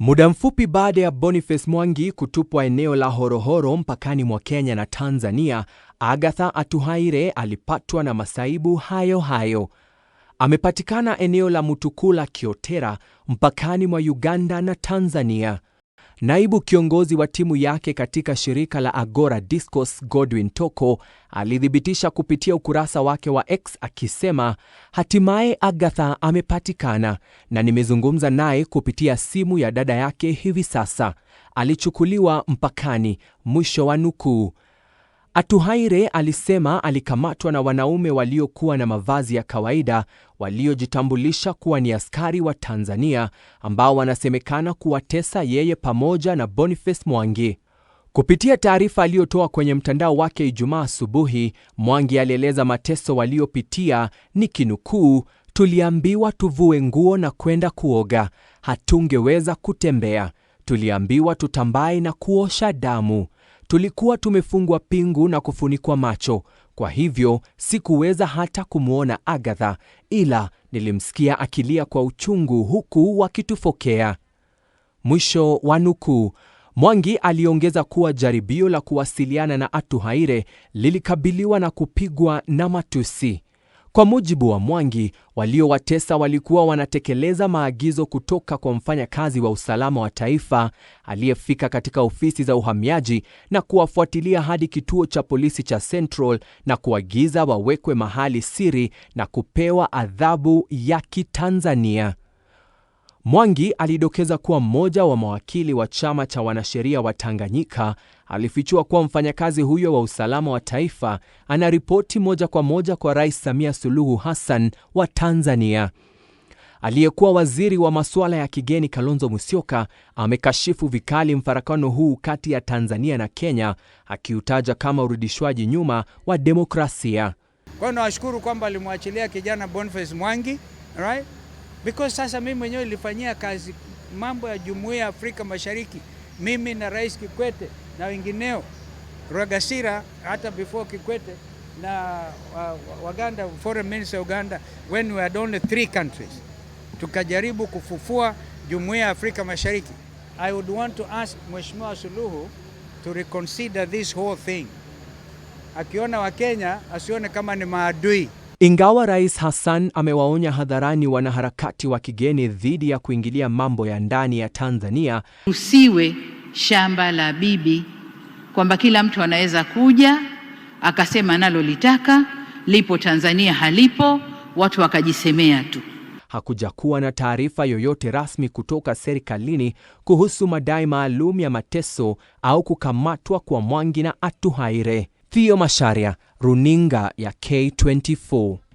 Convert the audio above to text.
Muda mfupi baada ya Boniface Mwangi kutupwa eneo la Horohoro mpakani mwa Kenya na Tanzania, Agatha Atuhaire alipatwa na masaibu hayo hayo. Amepatikana eneo la Mutukula kiotera mpakani mwa Uganda na Tanzania. Naibu kiongozi wa timu yake katika shirika la Agora discos Godwin Toko, alithibitisha kupitia ukurasa wake wa X akisema, hatimaye Agatha amepatikana na nimezungumza naye kupitia simu ya dada yake hivi sasa. Alichukuliwa mpakani, mwisho wa nukuu. Atuhaire alisema alikamatwa na wanaume waliokuwa na mavazi ya kawaida waliojitambulisha kuwa ni askari wa Tanzania ambao wanasemekana kuwatesa yeye pamoja na Boniface Mwangi. Kupitia taarifa aliyotoa kwenye mtandao wake Ijumaa asubuhi, Mwangi alieleza mateso waliopitia ni kinukuu tuliambiwa tuvue nguo na kwenda kuoga, hatungeweza kutembea, tuliambiwa tutambae na kuosha damu Tulikuwa tumefungwa pingu na kufunikwa macho, kwa hivyo sikuweza hata kumwona Agatha, ila nilimsikia akilia kwa uchungu huku wakitufokea. Mwisho wa nukuu. Mwangi aliongeza kuwa jaribio la kuwasiliana na Atuhaire lilikabiliwa na kupigwa na matusi. Kwa mujibu wa Mwangi, waliowatesa walikuwa wanatekeleza maagizo kutoka kwa mfanyakazi wa usalama wa taifa aliyefika katika ofisi za uhamiaji na kuwafuatilia hadi kituo cha polisi cha Central na kuagiza wawekwe mahali siri na kupewa adhabu ya Kitanzania. Mwangi alidokeza kuwa mmoja wa mawakili wa chama cha wanasheria wa Tanganyika alifichua kuwa mfanyakazi huyo wa usalama wa taifa ana ripoti moja kwa moja kwa Rais Samia Suluhu Hassan wa Tanzania. Aliyekuwa waziri wa masuala ya kigeni Kalonzo Musyoka amekashifu vikali mfarakano huu kati ya Tanzania na Kenya, akiutaja kama urudishwaji nyuma wa demokrasia. Kwa hiyo nawashukuru kwamba alimwachilia kijana Boniface Mwangi, right? because sasa mimi mwenyewe nilifanyia kazi mambo ya Jumuiya ya Afrika Mashariki, mimi na Rais Kikwete na wengineo, Rwagasira hata before Kikwete na Waganda, foreign minister Uganda, when we had only three countries, tukajaribu kufufua Jumuiya ya Afrika Mashariki. I would want to ask Mheshimiwa Suluhu to reconsider this whole thing. Akiona Wakenya asione kama ni maadui. Ingawa Rais Hassan amewaonya hadharani wanaharakati wa kigeni dhidi ya kuingilia mambo ya ndani ya Tanzania, usiwe shamba la bibi, kwamba kila mtu anaweza kuja akasema nalolitaka lipo Tanzania, halipo watu wakajisemea tu. Hakuja kuwa na taarifa yoyote rasmi kutoka serikalini kuhusu madai maalum ya mateso au kukamatwa kwa Mwangi na Atuhaire. Theo masharia runinga ya K24.